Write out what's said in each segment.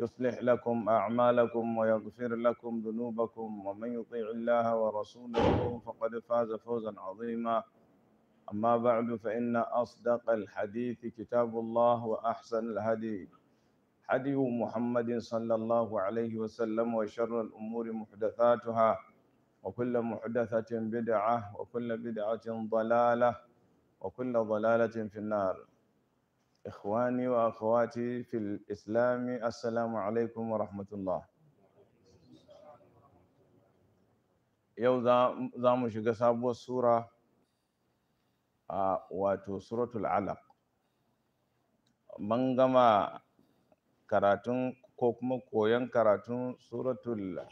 يصلح لكم أعمالكم ويغفر لكم ذنوبكم ومن يطيع الله ورسوله فقد فاز فوزا عظيما أما بعد فإن أصدق الحديث كتاب الله وأحسن الهدي هدي محمد صلى الله عليه وسلم وشر الأمور محدثاتها وكل محدثة بدعة وكل بدعة ضلالة وكل ضلالة في النار إخواني وأخواتي في الإسلام السلام عليكم ورحمة الله يو زامو شو قصابو السورة آه، واتو سورة العلق بانغما كراتون كوكما كوين كراتون سورة القدر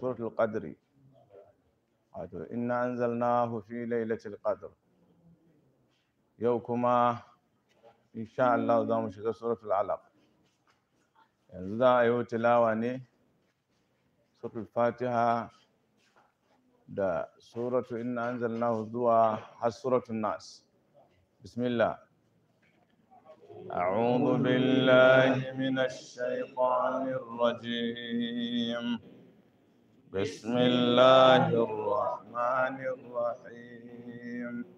سورة القدر واتو إنا أنزلناه في ليلة القدر كما ان شاء الله دام شكا سوره في العلق يعني ذا ايو تلاوه ني سوره الفاتحه ده سوره ان انزلناه ذو سوره الناس بسم الله اعوذ بالله من الشيطان الرجيم بسم الله الرحمن الرحيم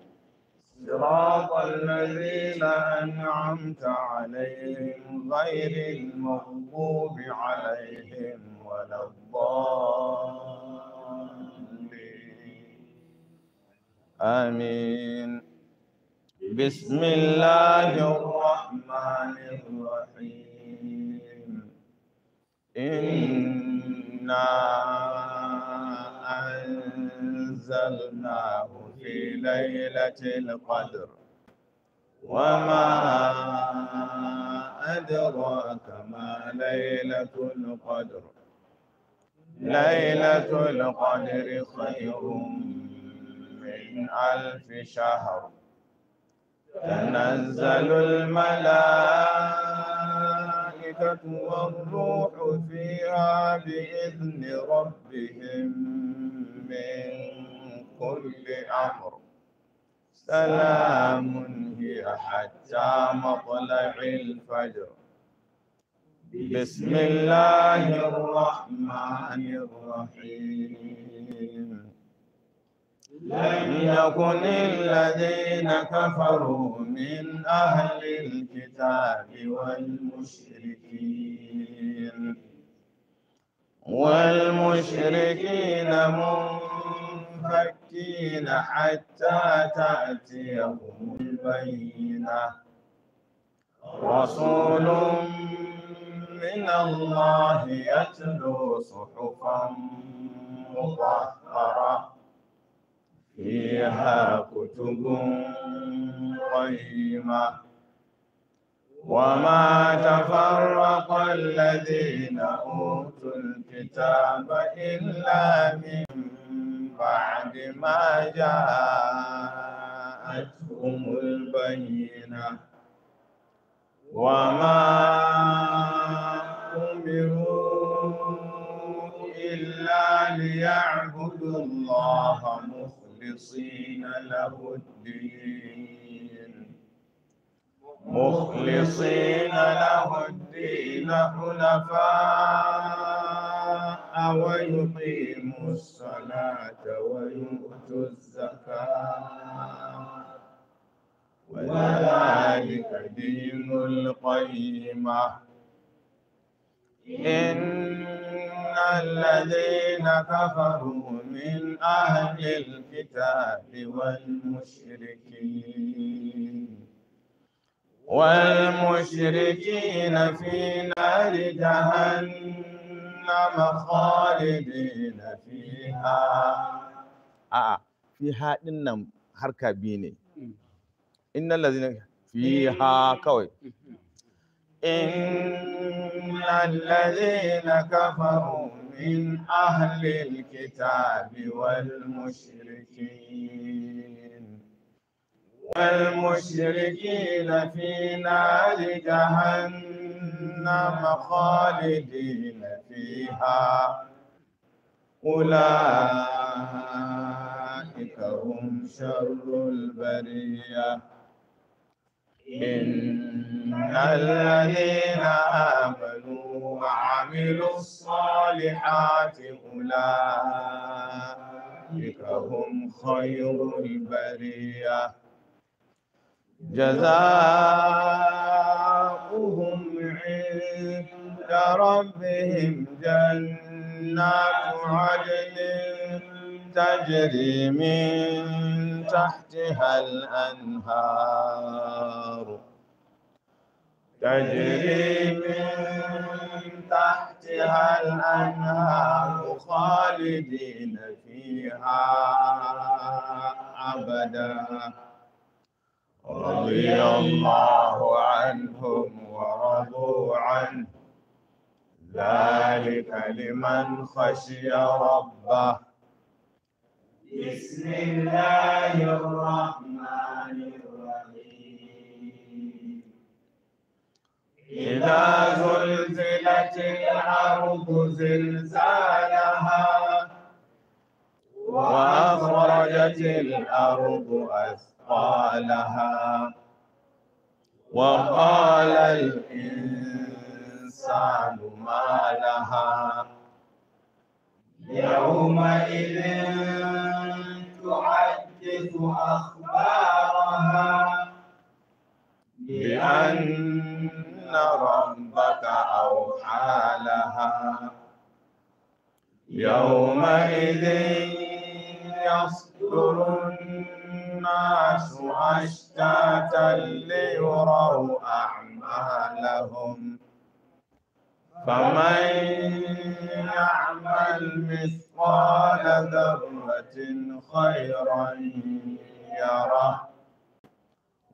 صراط الذين أنعمت عليهم غير المغضوب عليهم ولا الضالين آمين بسم الله الرحمن الرحيم إنا أنزلناه في ليلة القدر وما أدراك ما ليلة القدر ليلة القدر خير من ألف شهر تنزل الملائكة والروح فيها بإذن ربهم من كل أمر سلام هي حتى مطلع الفجر بسم الله الرحمن الرحيم لم يكن الذين كفروا من أهل الكتاب والمشركين والمشركين منفرين مكين حتى تأتيهم البينة رسول من الله يتلو صحفا مطهرة فيها كتب قيمة وما تفرق الذين أوتوا الكتاب إلا من بعد ما جاءتهم البينة وما أمروا إلا ليعبدوا الله مخلصين له الدين مخلصين له الدين حنفاء ويقيمون الصلاة ويؤت الزكاة وذلك دين القيمة إن الذين كفروا من أهل الكتاب والمشركين والمشركين في نار جهنم جهنم خالدين فيها آه فيها إنم حركة بيني إن الذين فيها كوي إن الذين كفروا من أهل الكتاب والمشركين والمشركين في نار جهنم جهنم خالدين فيها أولئك هم شر البرية إن الذين آمنوا وعملوا الصالحات أولئك هم خير البرية جزاؤهم عند ربهم جنات عدن تجري من تحتها الأنهار تجري من تحتها الأنهار خالدين فيها أبدا رضي الله عنهم ورضوا عنه ذلك لمن خشي ربه بسم الله الرحمن الرحيم إذا زلزلت الأرض زلزالها وأخرجت الأرض أثقالها وقال الإنسان ما لها يومئذ تحدث أخبارها بأن ربك أوحى لها يومئذ يصدر الناس أشتاتا ليروا أعمالهم فمن يعمل مثقال ذرة خيرا يره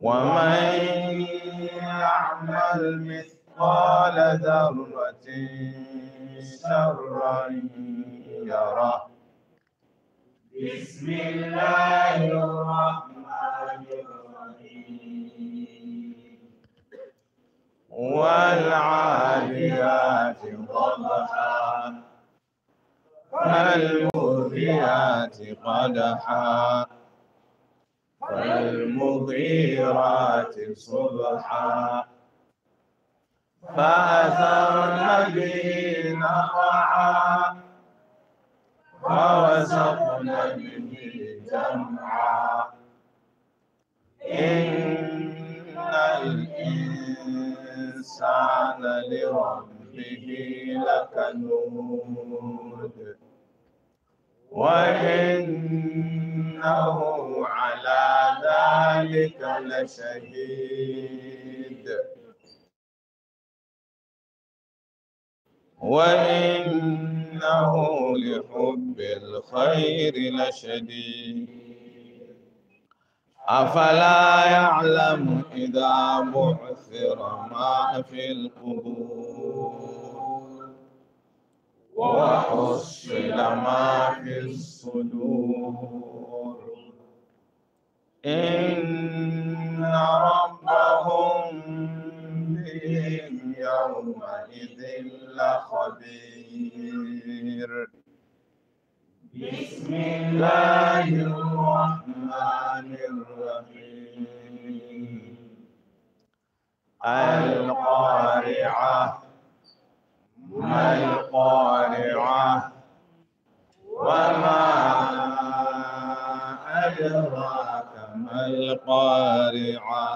ومن يعمل مثقال ذرة شرا يره بسم الله الرحمن الرحيم والعاديات ضبحا فالمغيرات قدحا فالمغيرات صبحا فأثرن به نقعا فوسقن إن الإنسان لربه لكنود وإنه على ذلك لشهيد وإن إنه لحب الخير لشديد أفلا يعلم إذا بعثر ما في القبور وحصل ما في الصدور إن ربهم يومئذ لخبير بسم الله الرحمن الرحيم القارعة ما القارعة وما أدراك ما القارعة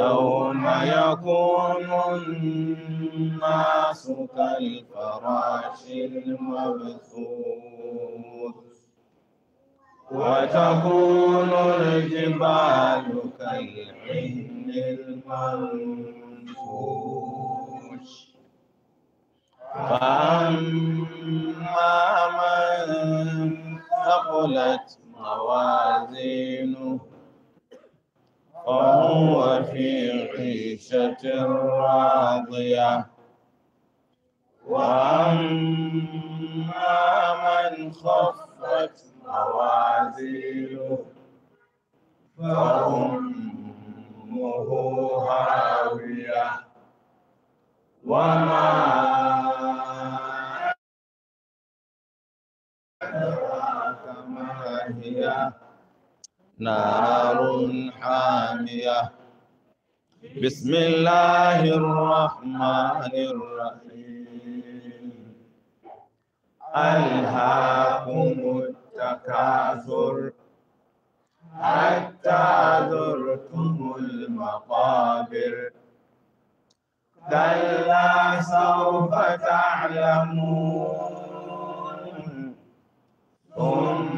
يوم يكون الناس كالفراش المبثوث وتكون الجبال كالعهن المنفوش فأما من ثقلت موازينه فهو في عيشة راضية وأما من خفت موازينه فأمه هاوية وما أدراك ما هي نار حامية بسم الله الرحمن الرحيم ألهاكم التكاثر حتى زرتم المقابر كلا سوف تعلمون ثم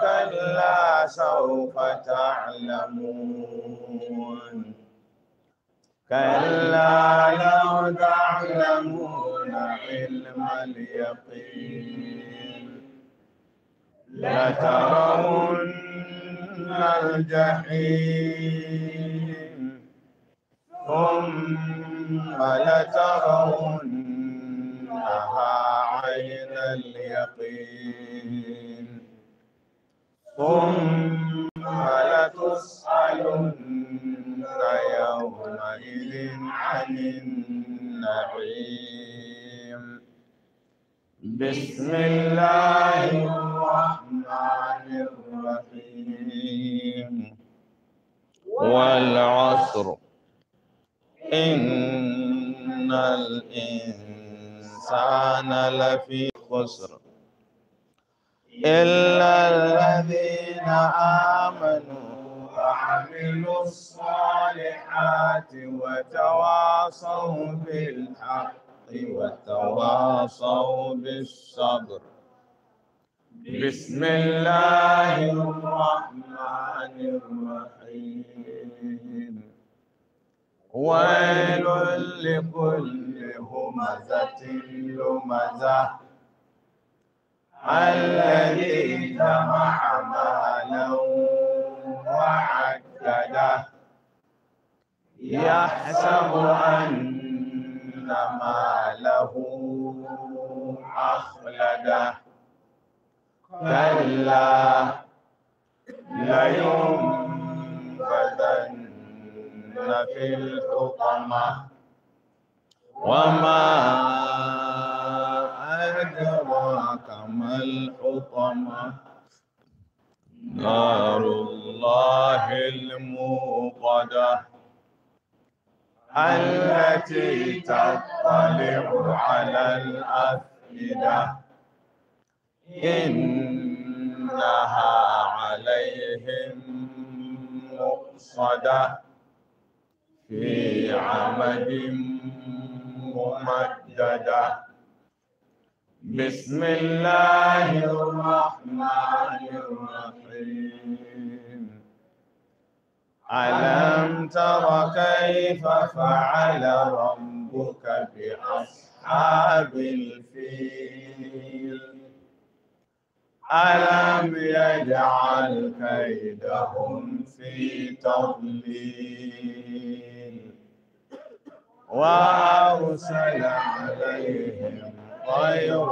كلا فسوف تعلمون كلا لو تعلمون علم اليقين لترون الجحيم ثم لترونها عين اليقين ثم لتسألن يومئذ عن النعيم بسم الله الرحمن الرحيم والعصر إن الإنسان لفي خسر إلا الذين آمنوا وعملوا الصالحات وتواصوا بالحق وتواصوا بالصبر بسم الله الرحمن الرحيم ويل لكل همزة لمزة الذي جمع مالا وعدده يحسب أن ماله أخلده كلا لينبذن في الحطمة وما أدراك ما الحطمة نار الله الموقدة التي تطلع على الأفئدة إنها عليهم مقصدة في عمد ممدده بسم الله الرحمن الرحيم ألم تر كيف فعل ربك بأصحاب الفيل ألم يجعل كيدهم في تضليل وأرسل عليهم خير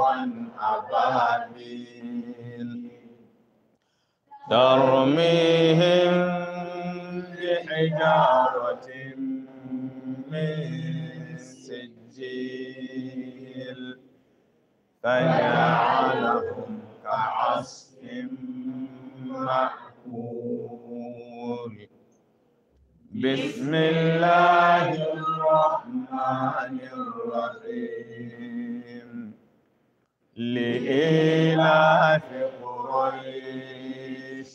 أبابيل ترميهم بحجارة من سجيل فجعلهم كعصف مأكول بسم الله الرحمن الرحيم لإلاف قريش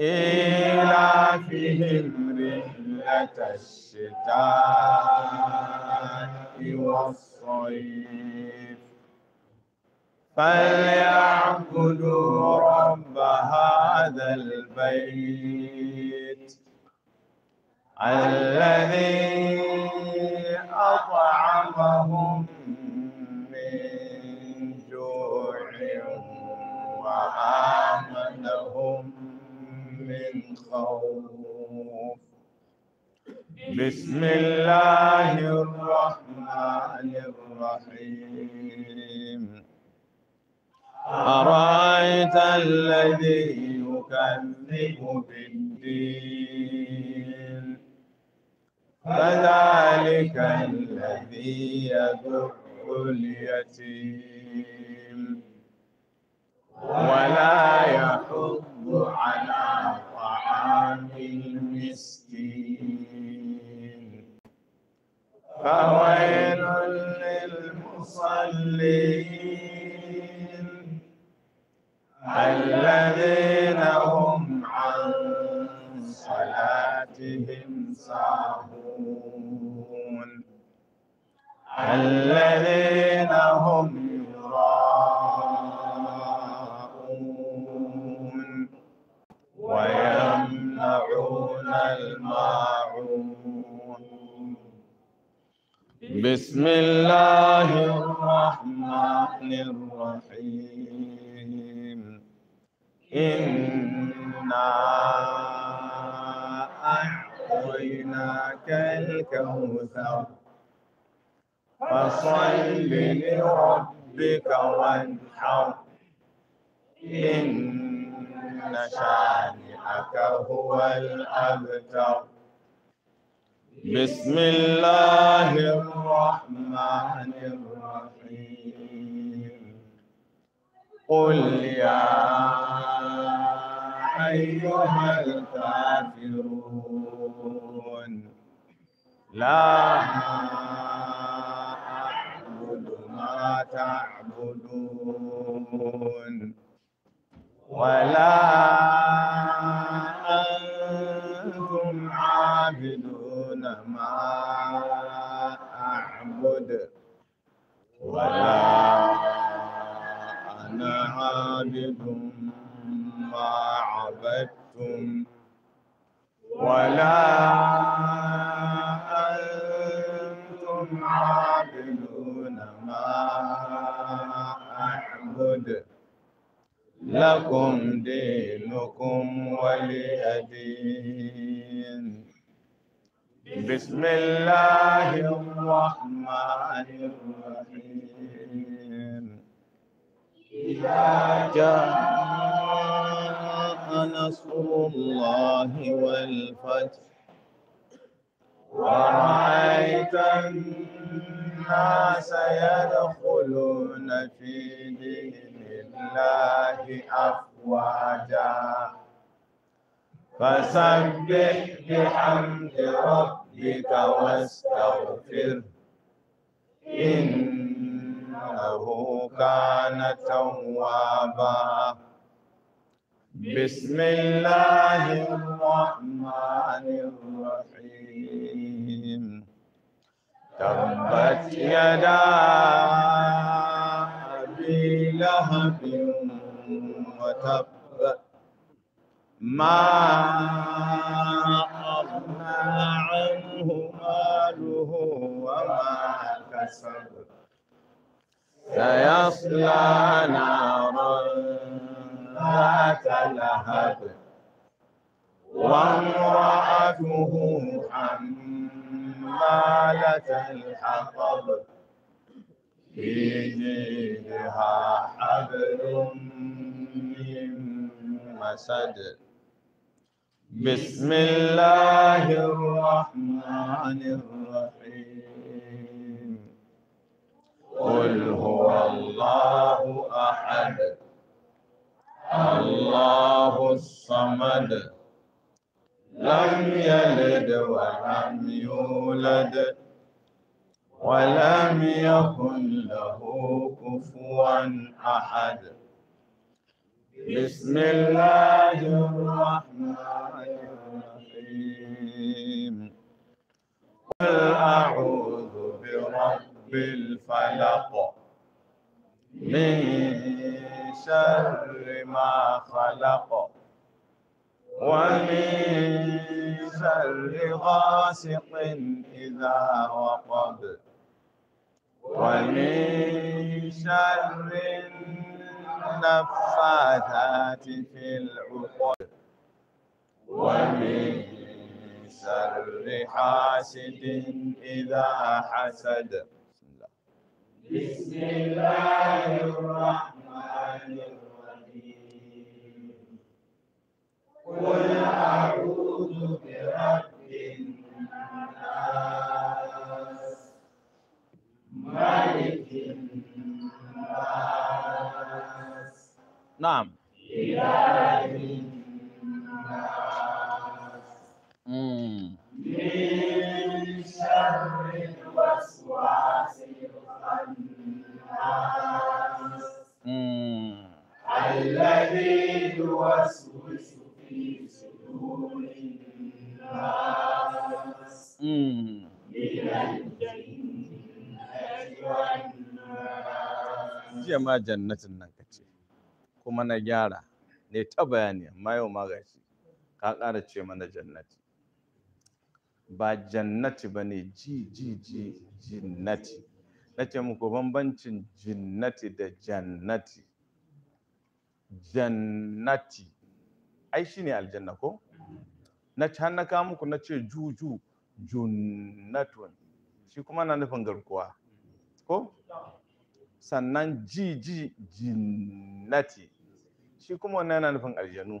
إلى فيهم رحلة الشتاء والصيف فليعبدوا رب هذا البيت الذي أطعمهم آمنهم من خوف بسم الله الرحمن الرحيم أرأيت الذي يكذب بالدين فذلك الذي يدعو اليتيم ولا يحض على طعام المسكين فويل للمصلين الذين بسم الله الرحمن الرحيم إنا أعطيناك الكوثر فصل لربك وانحر إن شانئك هو الأبتر بسم الله الرحمن الرحيم قل يا أيها الكافرون لا أعبد ما تعبدون ولا أنتم عابدون ما أعبد ولا أنا عابد ما عبدتم ولا أنتم عابدون ما أعبد لكم دينكم ولي دين بسم الله الرحمن الرحيم إذا جاء نصر الله والفتح ورأيت الناس يدخلون في دين الله أفواجا فسبح بحمد ربك لك واستغفر إنه كان توابا بسم الله الرحمن الرحيم تبت يدا أبي لهب وتب ما عنه ماله وما كسب سيصلى نارا ذات لهب وامرأته حمالة الحطب في جيدها حبل من مسد بسم الله الرحمن الرحيم قل هو الله احد الله الصمد لم يلد ولم يولد ولم يكن له كفوا احد بسم الله الرحمن الرحيم قل أعوذ برب الفلق من شر ما خلق ومن شر غاسق إذا وقب ومن شر النفاثات في العقد ومن شر حاسد إذا حسد بسم الله الرحمن الرحيم قل أعوذ برب الناس ملك نعم من شر الوسواس الخناس الذي يوسوس في صدور الناس من الجنة والناس جماعة جنة الناس kuma na gyara ne ta bayani amma yau ma ka ƙara ce mana jannati ba jannati ba ne ji ji ji jinnati na ce muku bambancin jinnati da jannati jannati ai shi ne aljanna ko na ci hannu na muku na ce juju junnatun shi kuma na nufin garkuwa ko sannan ji ji jinnati shi kuma wannan yana nufin aljanu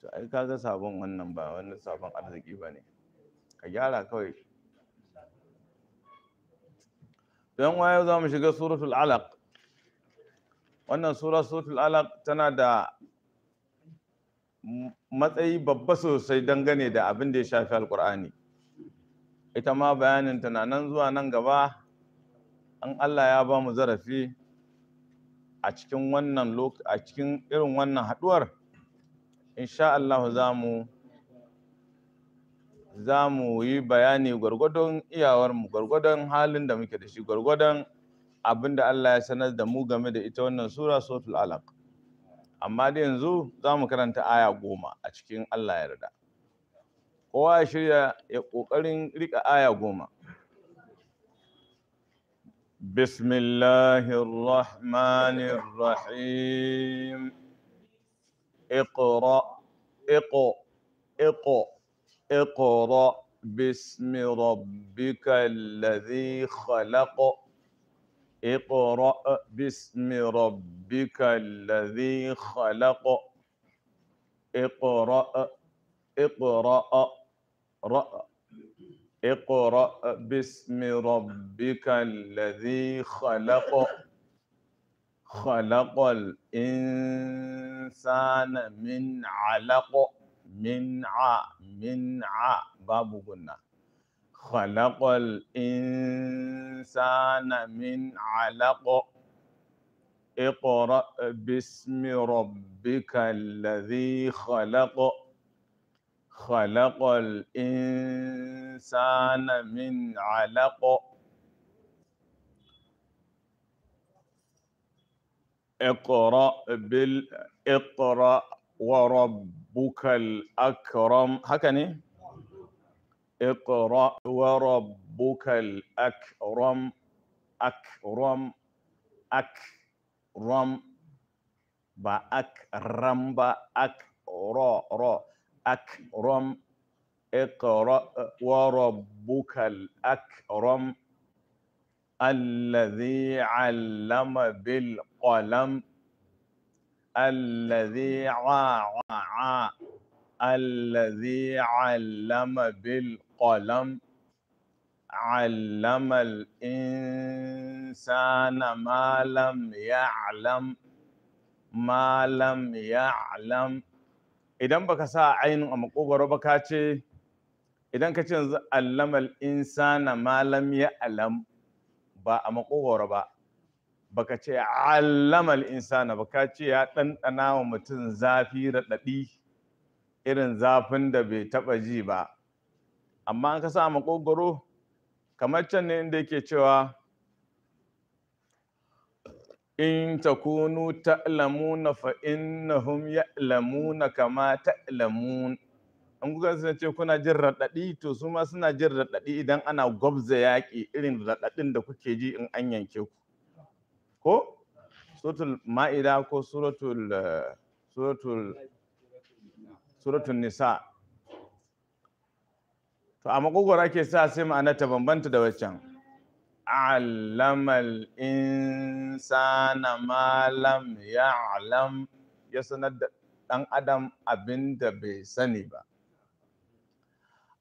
to ai kaga sabon wannan ba wani sabon arziki ba ne ka gyara kawai don waye za mu shiga suratul alaq wannan sura suratul alaq tana da matsayi babba sosai dangane da abin da ya shafi alkur'ani ita ma bayanin tana nan zuwa nan gaba in Allah ya ba mu zarafi a cikin wannan a cikin irin wannan haduwar insha Allah za mu za mu yi bayani gwargwadon iyawarmu gwargwadon halin da muke da shi gwargwadon abinda Allah ya sanar da mu game da ita wannan sura suratul alaq amma da yanzu za mu karanta aya goma a cikin Allah ya yarda kowa ya shirya ya ƙoƙarin rika aya goma بسم الله الرحمن الرحيم اقرأ اقرأ اقرأ اقرأ باسم ربك الذي خلق اقرأ باسم ربك الذي خلق اقرأ اقرأ رأ اقرأ باسم ربك الذي خلق خلق الإنسان من علق من ع من ع باب قلنا خلق الإنسان من علق اقرأ باسم ربك الذي خلق خلق الإنسان من علق اقرأ بال اقرأ وربك الأكرم هكني اقرأ وربك الأكرم أكرم أكرم بأكرم بأكرم الأكرم اقرأ وربك الأكرم الذي علم بالقلم الذي عا عا الذي علم بالقلم علم الإنسان ما لم يعلم ما لم يعلم idan baka sa ainihin a makogwaro ba ka ce idan ka ce yanzu allamal insana malam ya alam ba a makogwaro ba baka ce allamal insana ba ka ce ya ɗanɗana wa mutum zafi raɗaɗi irin zafin da bai taɓa ji ba amma an ka sa a makogwaro kamar can ne inda yake cewa in takunu ta'lamuna fa innahum ya'lamuna kama ta'lamun an kuka suna ce kuna jin raɗaɗi to su ma suna jin raɗaɗi idan ana gwabza yaƙi irin raɗaɗin da kuke ji in an yanke ku ko suratul ma'ida ko suratul eh, nisa to a makogwara ke sa sai ma'ana ta bambanta da waccan علم الإنسان ما لم يعلم da ɗan adam da bai sani ba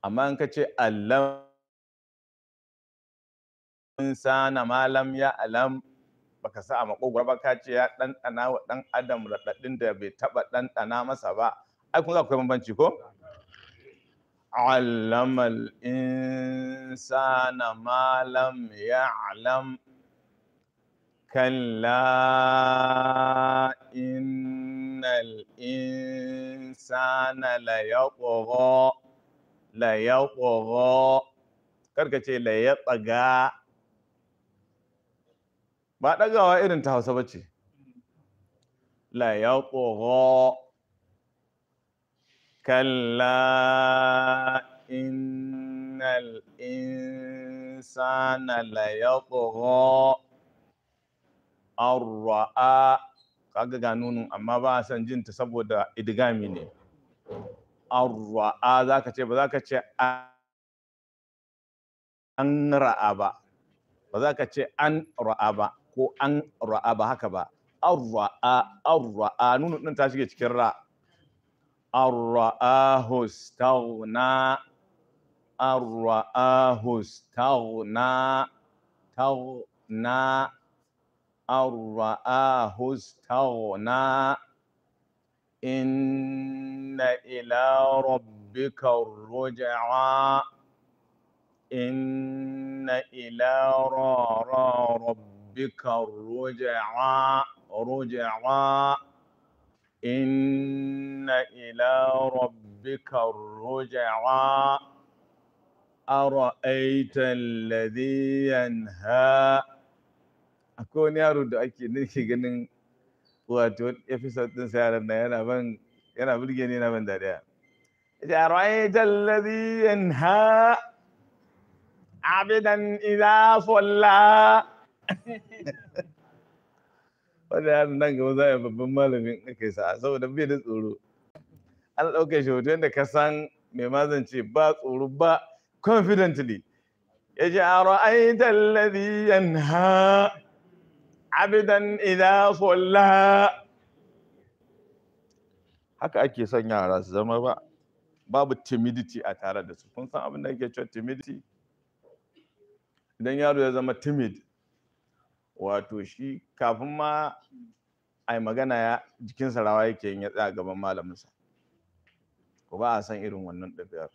amma in ka alam a ba ka ce ya ɗanɗana wa ɗan adam raɗaɗin da bai taɓa ɗanɗana masa ba ai kun bambanci ko allamal in الْإِنسَانَ مَا لَمْ يَعْلَمْ كَلَّا إِنَّ الْإِنسَانَ لَيَطْغَى لَيَطْغَى كركتي لَيَطْغَى ba ɗagawa irin ta hausa bace la ya kalla in الإنسان ليطغى أن رأى kaga ga nunu amma ba a son jinta saboda idigami ne an ra'a za ka ce ba za ka ce an ra'a ba ba za ka ce an ko an ra'a ba haka ba an ra'a an ɗin ta shige cikin ra an ra'a hostau na أن رآه استغنى تغنى أن استغنى إن إلى ربك الرجعى إن إلى را ربك الرجعى رجعى إن إلى ربك الرجعى ara'aita alladhi yanha akwai wani yaro da ake nake ganin wato episode din sa yaran nan yana ban yana burge ni yana ban dariya ya ra'aita alladhi yanha nan gaba za a yi babban malamin ake sa saboda bai da tsoro an ɗauke shi hoton da ka san mai mazance ba tsoro ba confidently ya ce a ra'aita alladhi yanha abidan idza salla haka ake son yara su zama ba babu timidity a tare da su kun san abin da ke cewa timidity idan yaro ya zama timid wato shi kafin ma a yi magana ya jikinsa rawa yake yin ya tsaya gaban malaminsa ko ba a san irin wannan ɗabi'ar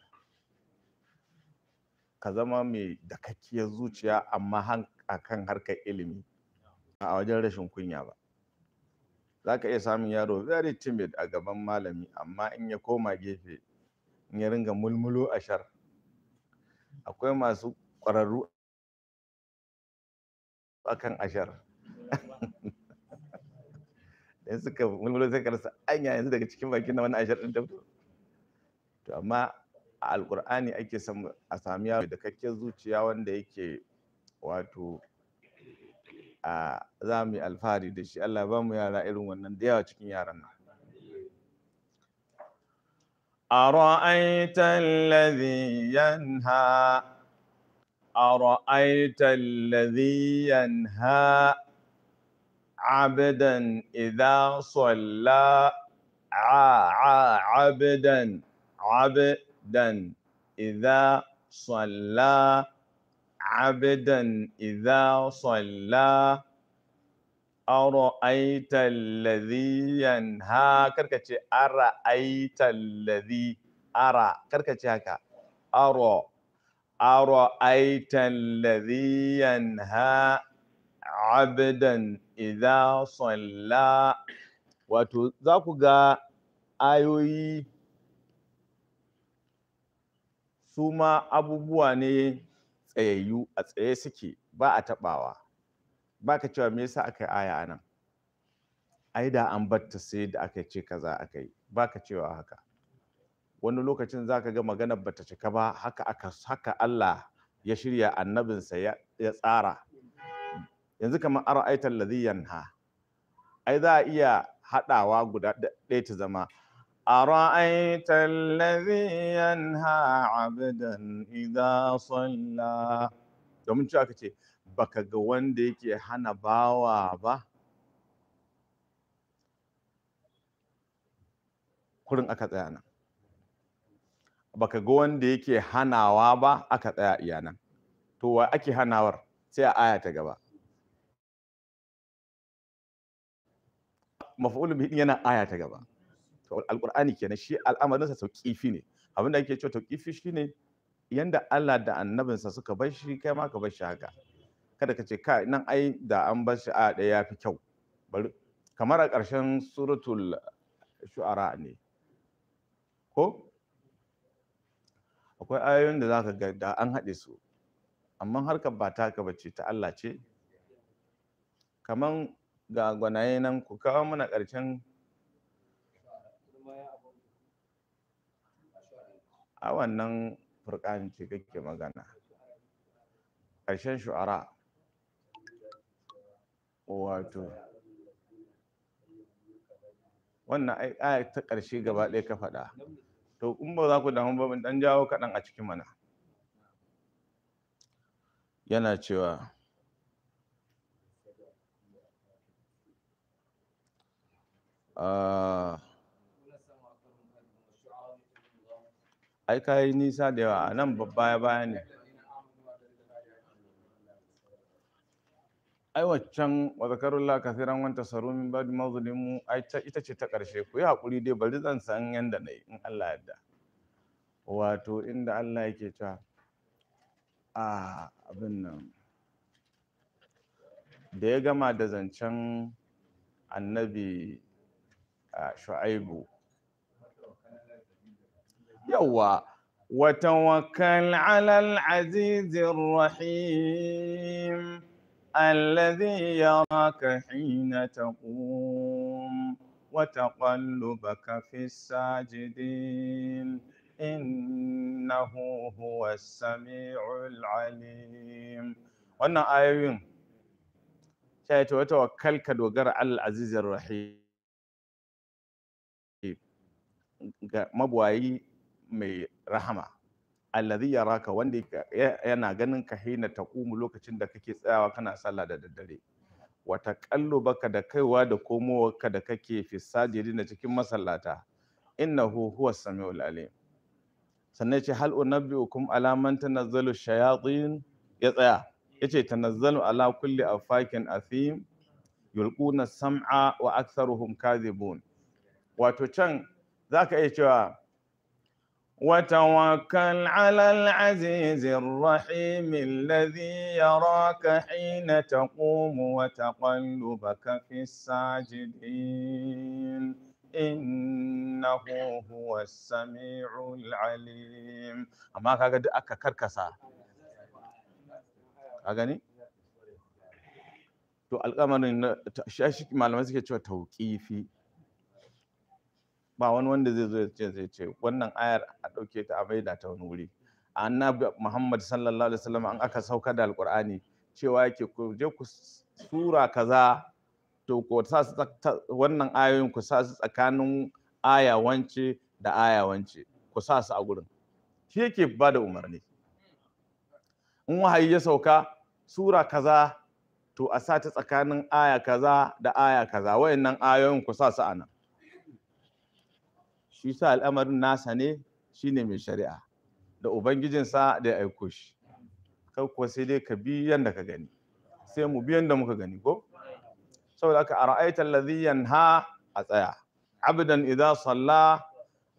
ka zama mai dakakkiyar zuciya amma a kan harkar ilimi a wajen rashin kunya ba za ka iya samun yaro very timid a gaban malami amma in ya koma gefe in ya ringa mulmulo a shar akwai masu ƙwararru kan ashar dan suka mulmulo sai ka rasa anya yanzu daga cikin bakin na wani ashar din to amma a alkur'ani ake a sami da kakken zuciya wanda yake wato a za alfari da shi Allah ba mu yara irin wannan da yawa cikin yaran nan ara'aita allazi yanha ara'aita allazi yanha عبدا إذا صلى ع ع عبدا عبد abdan idza salla abdan idza salla aro alladhi yanha karka ce ara'aita alladhi ara karka ce haka ara أرأيت الذي ينهى عبدا إذا صلى وتذكر ayoyi su ma abubuwa ne tsayayyu a tsaye suke ba a taɓawa ba ka cewa me yasa aka yi aya nan? ai da an batta sai da aka ce kaza aka yi ba ka cewa haka wani lokacin za ka ga maganar bata cika ba haka aka haka Allah ya shirya annabinsa ya tsara yanzu kamar ara'aitar lazi yanha ai za a iya haɗawa guda ɗaya ta zama أرأيت الذي ينهى عبدا إذا صلى domin cewa kace baka ga wanda yake hana bawa ba kurin aka tsaya nan baka ga wanda yake hanawa ba aka tsaya iya nan to wa ake hanawar sai a aya ta gaba maf'ulun bihi yana aya ta gaba Alƙur'ani kenan shi al'amarin sa tauqifi ne abin da ake cewa shi ne yanda Allah da annabinsa suka bar shi kai ma ka bar shi haka kada ka ce ka nan ai da an bar shi a ɗaya fi kyau bari kamar a ƙarshen suratul shu'ara ne ko akwai ayoyin da zaka ga da an haɗe su amma harkar ba ta ka bace ta Allah ce kaman ga gwanaye nan ku kawo mana ƙarshen a wannan furƙanin ce kake magana ƙarshen shu'ara wato wannan aya ta ƙarshe gaba ɗaya ka faɗa to in ba za ku damu ba ɗan jawo kaɗan a cikin mana yana cewa uh, ai ka yi nisa da yawa a nan baya baya ne ai waccan wa zakarullah wanta saro min da mazulimu ai ita ce ta ƙarshe. ku yi hakuri dai bari zan san yadda na yi, in Allah yadda. wato inda Allah yake ta, a abin nan da ya gama da zancen annabi shu'aibu يوا وتوكل على العزيز الرحيم الذي يراك حين تقوم وتقلبك في الساجدين إنه هو السميع العليم وانا آيوين شايت وتوكل كدوغر على العزيز الرحيم مبواي mai rahama alladhi yaraka wanda yana ganin ka hina taqumu lokacin da kake tsayawa kana sallah da daddare wa baka da kaiwa da komowarka da kake fi na cikin masallata innahu huwa samiul alim sannan ce hal unabbiukum ala alaman tanazzalu shayatin ya tsaya yace tanazzalu ala kulli afakin athim yulquna sam'a wa aktharuhum kadhibun wato can zaka iya cewa وتوكل على العزيز الرحيم الذي يراك حين تقوم وتقلبك في الساجدين إنه هو السميع العليم أما كاكد أكا كركسا أغني to alƙamarin shi malamai suke cewa tauƙifi ba wani wanda zai zo ya ce zai ce wannan ayar a ɗauke ta a maida ta wani wuri annabi Muhammad sallallahu alaihi wasallam an aka sauka da alqur'ani cewa yake ku je ku sura kaza to ko sa wannan ayoyin ku sa su tsakanin aya wance da aya wance ku sa su a gurin shi yake ba da umarni in wahayi ya sauka sura kaza to a sa ta tsakanin aya kaza da aya kaza wayannan ayoyin ku sa su a nan shi sa al'amarin nasa ne shi ne mai shari'a da ubangijinsa da ya aiko shi kai kuwa sai dai ka bi yanda ka gani sai mu biyan da muka gani ko saboda aka ara'aita alladhi yanha a tsaya abdan idza salla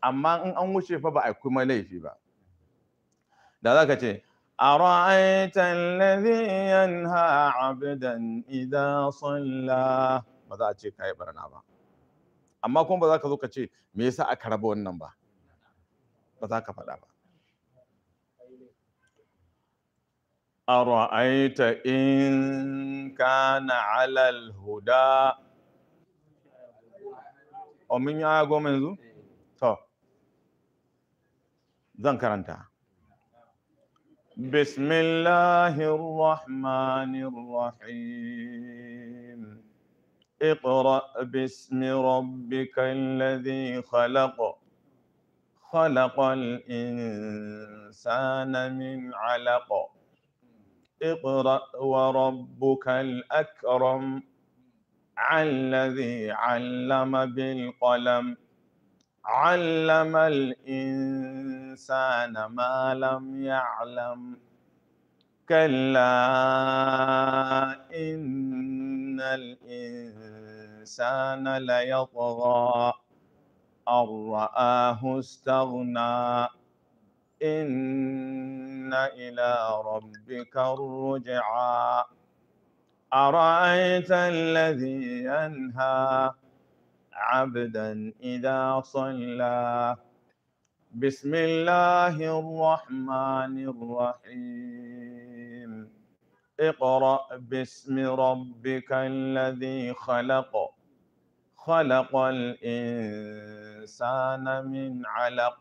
amma in an wuce fa ba a kuma laifi ba da za ka ce أرأيت الذي ba za a ce ka yi barna ba. amma kuma ba za ka zo ka ce me yasa aka raba wannan ba ba za ka faɗa ba ara'aita in kana alal huda o oh, min ya goma yanzu to zan karanta بسم الله الرحمن اقرأ باسم ربك الذي خلق خلق الإنسان من علق اقرأ وربك الأكرم الذي علم بالقلم علم الإنسان ما لم يعلم كلا إن الإنسان ليطغى أن رآه استغنى إن إلى ربك الرجعى أرأيت الذي ينهى عبدا إذا صلى بسم الله الرحمن الرحيم اقرأ باسم ربك الذي خلق خلق الإنسان من علق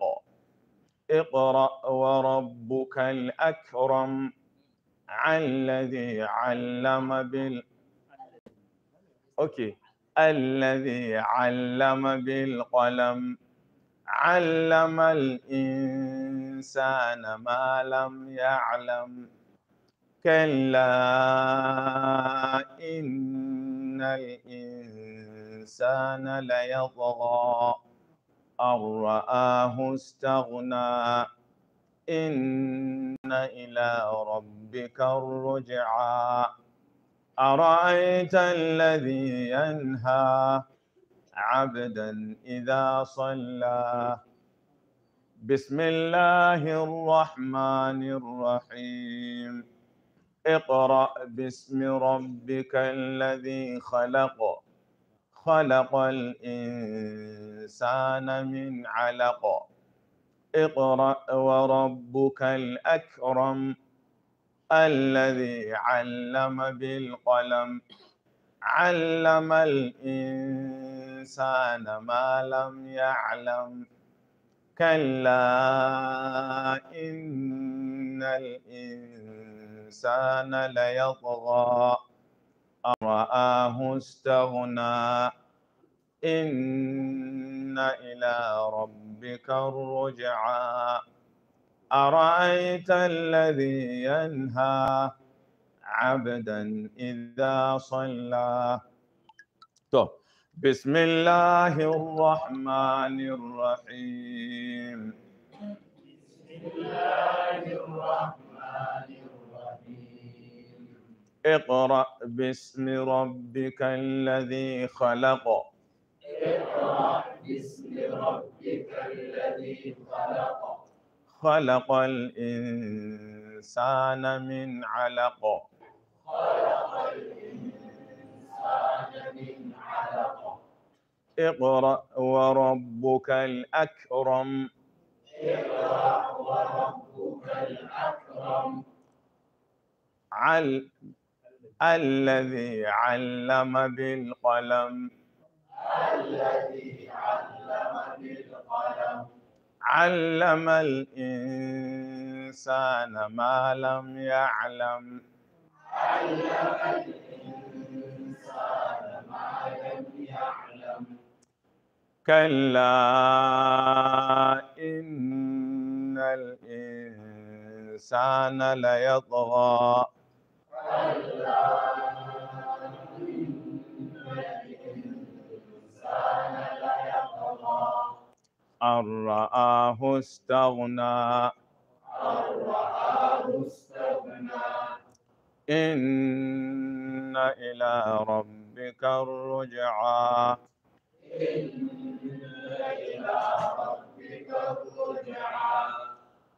اقرأ وربك الأكرم الذي علم بال أوكي الذي علم بالقلم علم الإنسان ما لم يعلم كلا إن الإنسان ليطغى أن رآه استغنى إن إلى ربك الرجعى أرأيت الذي ينهى عبدا إذا صلى بسم الله الرحمن الرحيم اقرأ باسم ربك الذي خلق خلق الإنسان من علق اقرأ وربك الأكرم الذي علم بالقلم علم الإنسان ما لم يعلم كلا إن الإنسان الإنسان ليطغى أرآه استغنى إن إلى ربك الرجعى أرأيت الذي ينهى عبدا إذا صلى بسم الله الرحمن الرحيم بسم الله الرحمن اقرأ باسم ربك الذي خلق اقرأ باسم ربك الذي خلق خلق الإنسان من علق خلق الإنسان من علق اقرأ وربك الأكرم اقرأ وربك الأكرم عل الذي علم بالقلم الذي علم بالقلم علم الإنسان ما لم يعلم علم الإنسان ما لم يعلم كلا إن الإنسان ليطغى من رآه استغنى أن إلى ربك إن إلى ربك الرجعى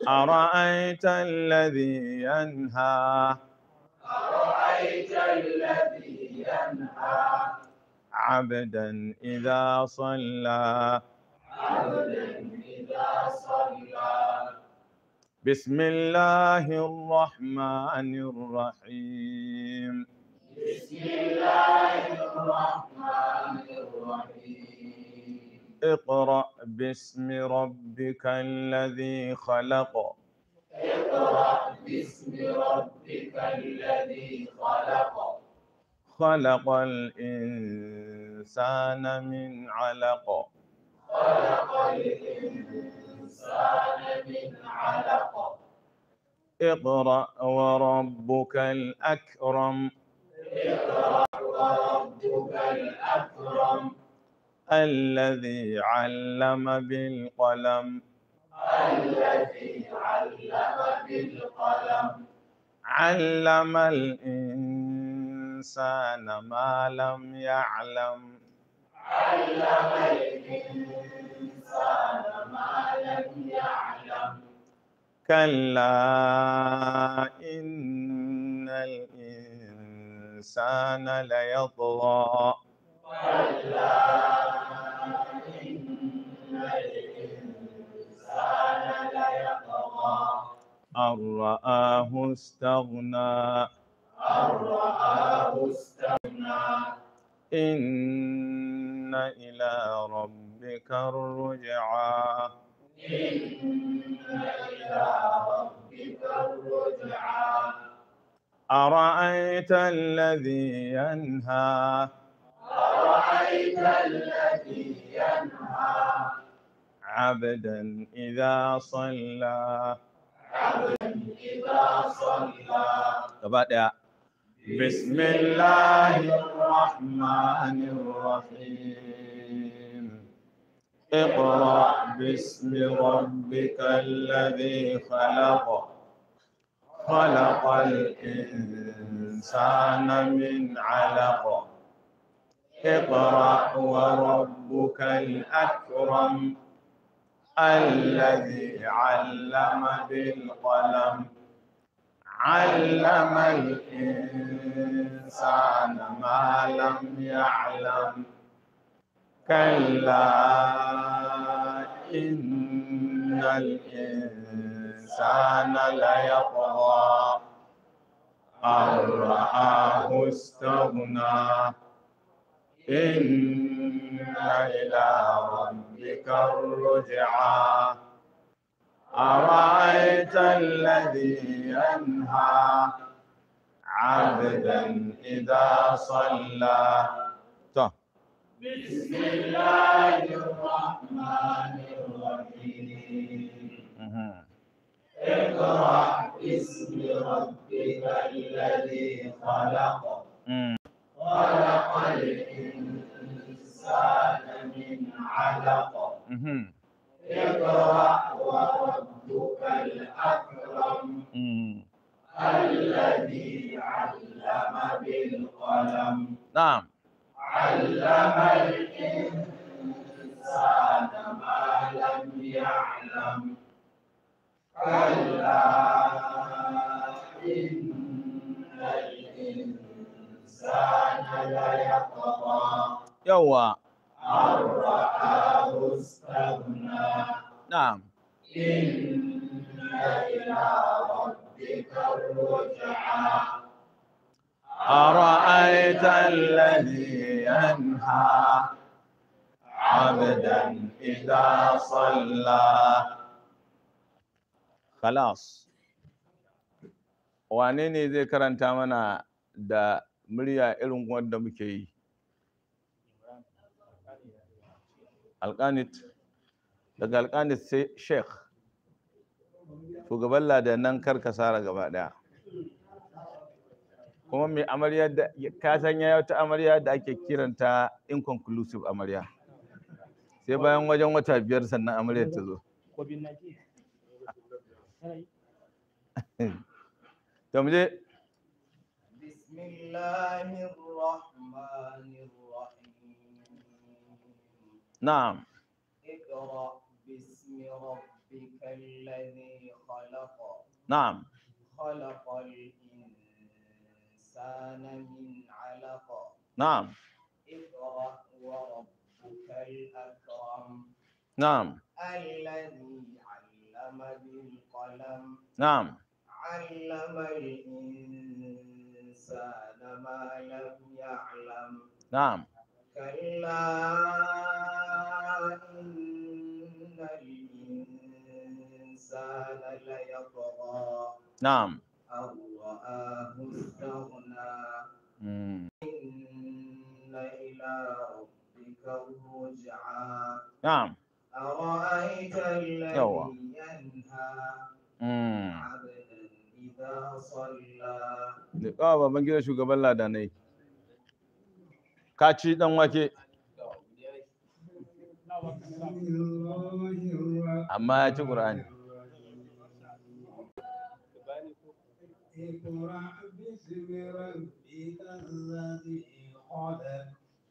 أرأيت الذي ينهى أرأيت الذي ينهى عبدا إذا صلى بسم الله الرحمن الرحيم بسم الله الرحمن الرحيم اقرأ باسم ربك الذي خلق اقرأ باسم ربك الذي خلق خلق الإنسان من علق خلق الإنسان من علق اقرأ وربك الأكرم اقرأ وربك الأكرم الذي علم بالقلم الذي علم بالقلم علم الإنسان ما لم يعلم علم الإنسان ما لم يعلم كلا إن الإنسان ليطغى كلا إن الإنسان ليطغى أن رآه استغنى أن رآه استغنى إن إلى ربك الرجعى إن إلى ربك الرجعى أرأيت الذي ينهى أرأيت الذي ينهى عبدا إذا صلى عبدا إذا صلى بسم الله الرحمن الرحيم اقرأ باسم ربك الذي خلق خلق الإنسان من علق اقرأ وربك الأكرم الذي علم بالقلم علم الإنسان ما لم يعلم كلا إن الإنسان ليطغى أن رآه استغنى إن إلى ربك الرجعى أرأيت الذي ينهى عبدا إذا صلى بسم الله الرحمن الرحيم اقرأ باسم ربك الذي خلق خلق الإنسان من علق اقرأ وربك الأكرم الذي علم بالقلم نعم علم الإنسان ما لم يعلم كلا إن الإنسان ليطغى يوه أرفع نعم إن إلى ربك الرجعى أرأيت الذي ينهى عبدا إذا صلى خلاص wane ne zai karanta mana da murya irin wanda muke yi alƙanit daga alƙanit sai sheikh shugaban karka sara gaba ɗaya kuma mai amarya da ka sanya wata amarya da ake kiranta inconclusive amarya sai bayan wajen wata biyar sannan amarya ta zo tamje bismillahir rahmanir نعم اقرأ باسم ربك الذي خلق نعم خلق الإنسان من علق نعم اقرأ وربك الأكرم نعم الذي علم بالقلم نعم علم الإنسان ما لم يعلم نعم كلا إن الإنسان ليطغى نعم أو رآه استغنى إن إلى ربك الرجعى نعم أرأيت الذي ينهى عبدا إذا صلى آه بنجي شو قبل لا ka ci dan wake amma ya ci ƙur'ani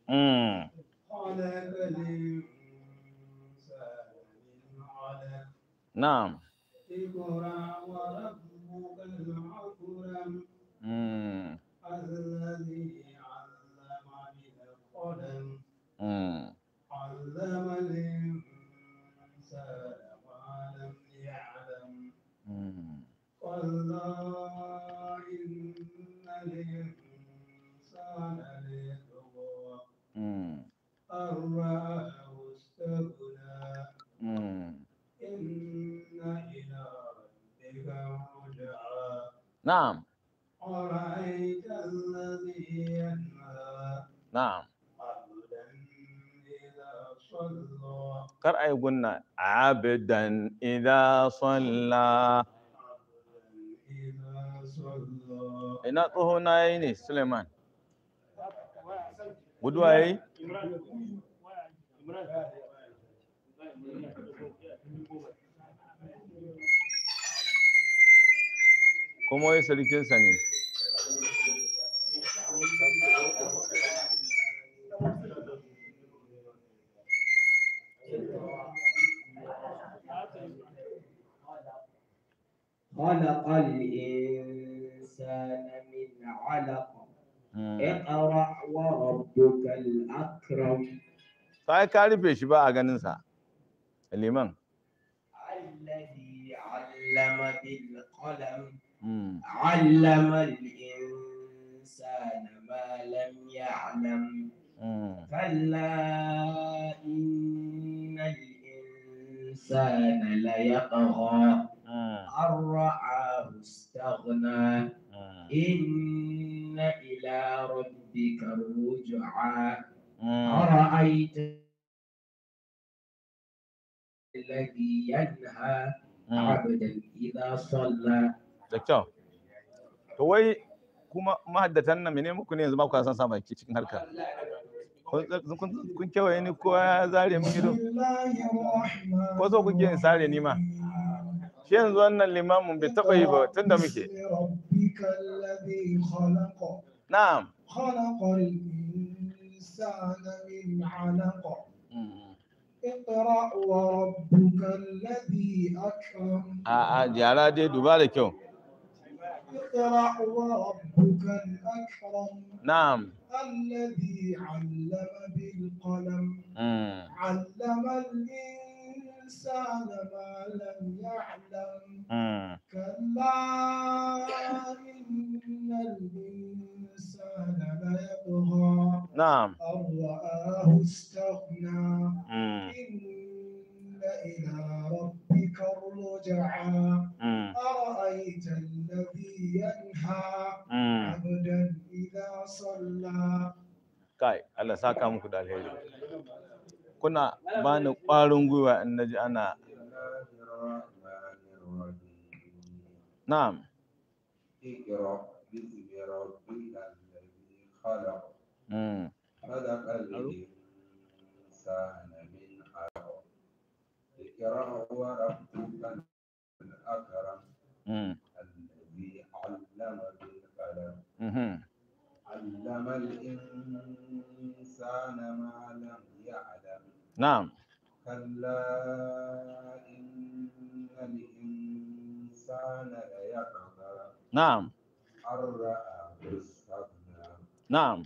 hmm. Na'am. Hmm. نعم أرأيت الذي ينهى نعم قرأ يقولنا عبدا إذا صلى ina هنا na yi ne ¿Cómo es el Iken Sanim? خلق الإنسان من علق اقرأ وربك الأكرم sai ka rufe shi ba a ganinsa liman الذي علم بالقلم علم الإنسان ما لم يعلم كلا إن الإنسان ليطغى أن رآه استغنى إن إلى ربك الرجعى أرأيت الذي ينهى عبدا إذا صلى da kyau to wai kuma mahaddatan nan mene muku ne yanzu ba ku san sa baki cikin harka kun kewaye ni ko ya zare min ido ko so kuke in sare ni ma shi yanzu wannan limamin bai taɓa yi ba tunda muke na'am hmm. A'a, yara dai duba da kyau. اقرأ وربك الأكرم نعم الذي علم بالقلم مم. علم الإنسان ما لم يعلم كلا إن الإنسان ليبغى نعم أن رآه استغنى إلى ربك الرجعى أرأيت kai Allah saka muku da alheri kuna bani kwarin gwiwa in naji اقرأ وربك الأكرم الذي علم بالقلم علم الإنسان ما لم يعلم نعم كلا إن الإنسان ليطغى نعم أن رآه نعم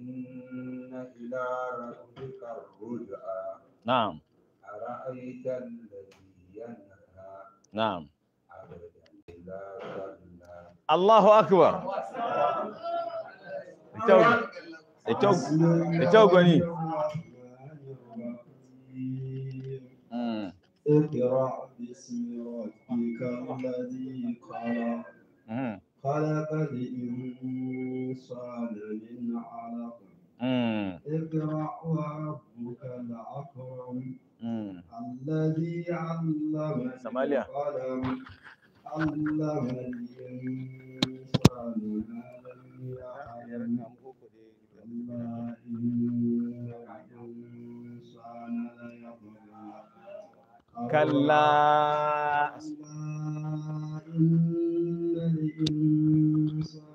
إن إلى ربك الرجعى نعم أرأيت الذي ينهى نعم عبدا إذا صلى الله أكبر اتوقني اقرأ باسم ربك الذي خلق خلق الإنسان من علق اقرأ وربك الأكرم الذي علم القلم علم الإنسان ما لم يعلم كلا إنك الإنسان ليطغى كلا إن الإنسان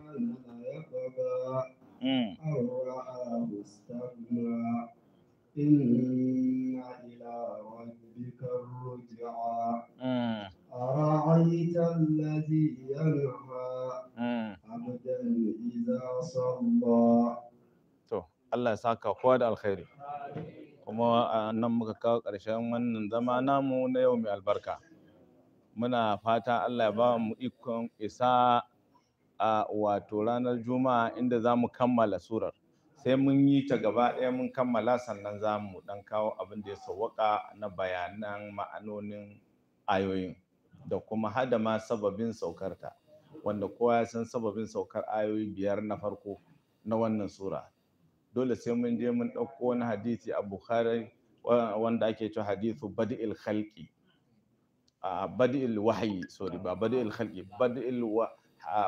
أو مستغنى إن إلى ربك الرجعى أرأيت الذي ينهى عبدا إذا صلى Allah ya saka kowa da alkhairi kuma a nan muka kawo ƙarshen wannan zama namu na yau mai albarka muna fata Allah ya ba mu ikon isa a wato ranar juma'a inda za mu kammala surar sai mun yi ta gaba ɗaya mun kammala sannan za mu ɗan kawo abin da ya sauwaka na bayanan ma'anonin ayoyin da kuma hada ma sababin saukarta wanda kowa ya san sababin saukar ayoyi biyar na farko na wannan sura dole sai mun je mun ɗauko wani hadisi a bukhari wanda ake cewa hadisu Badi'il khalqi a Badi'il wahyi ba Badi'il khalqi bad'il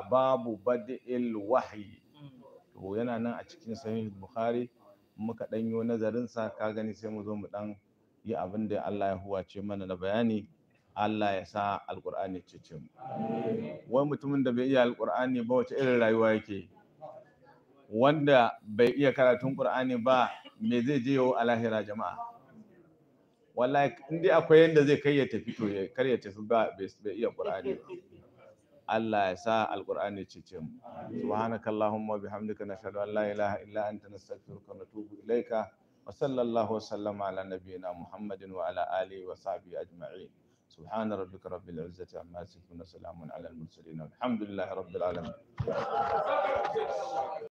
babu bad'il wahyi mm. to yana nan a cikin sahih bukhari muka danyo nazarin sa ka gani sai mu zo mu dan yi abin da Allah ya huwace mana na bayani Allah ya sa alqur'ani cece mu wai mutumin da bai iya alqur'ani ba wace irin rayuwa yake wanda bai iya karatun qur'ani ba me zai je yau a lahira jama'a wallahi indai akwai yanda zai kai ya tafi to ya kar ya tafi ba bai iya qur'ani ba Allah ya sa alqur'ani cece mu subhanakallahumma bihamdika nashhadu an la ilaha illa anta nastaghfiruka wa natubu ilaika wa sallallahu wa sallama ala nabiyyina muhammadin wa ala alihi wa sahbihi ajma'in سبحان ربك رب العزة عما يصفون وسلام على المرسلين والحمد لله رب العالمين